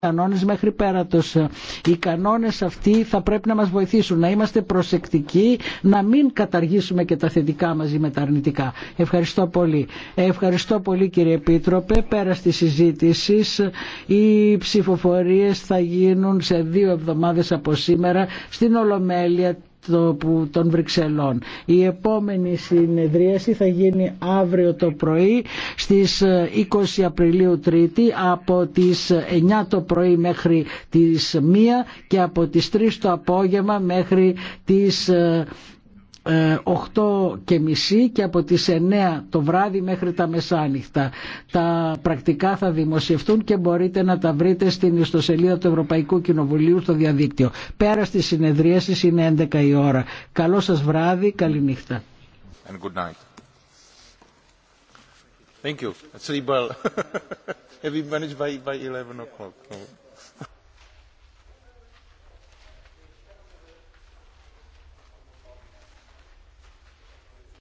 κανόνες μέχρι πέρατος. Οι κανόνες αυτοί θα πρέπει να μας βοηθήσουν να είμαστε προσεκτικοί, να μην καταργήσουμε και τα θετικά μαζί με τα αρνητικά. Ευχαριστώ πολύ. Ευχαριστώ πολύ κύριε Επίτροπε. Πέρα τη συζήτηση οι ψηφοφορίες θα γίνουν σε δύο εβδομάδες από σήμερα στην Ολομέλεια των Βρυξελών. Η επόμενη συνεδρίαση θα γίνει αύριο το πρωί στις 20 ε, Απριλίου Τρίτη από τις 9 το πρωί μέχρι τις 1 και από τις 3 το απόγευμα μέχρι τις ε, 8 ε, και μισή και από τις 9 το βράδυ μέχρι τα μεσάνυχτα. Τα πρακτικά θα δημοσιευτούν και μπορείτε να τα βρείτε στην ιστοσελίδα του Ευρωπαϊκού Κοινοβουλίου στο διαδίκτυο. Πέρα στις συνεδρίασεις είναι 11 η ώρα. Καλό σας βράδυ, καληνύχτα. νύχτα.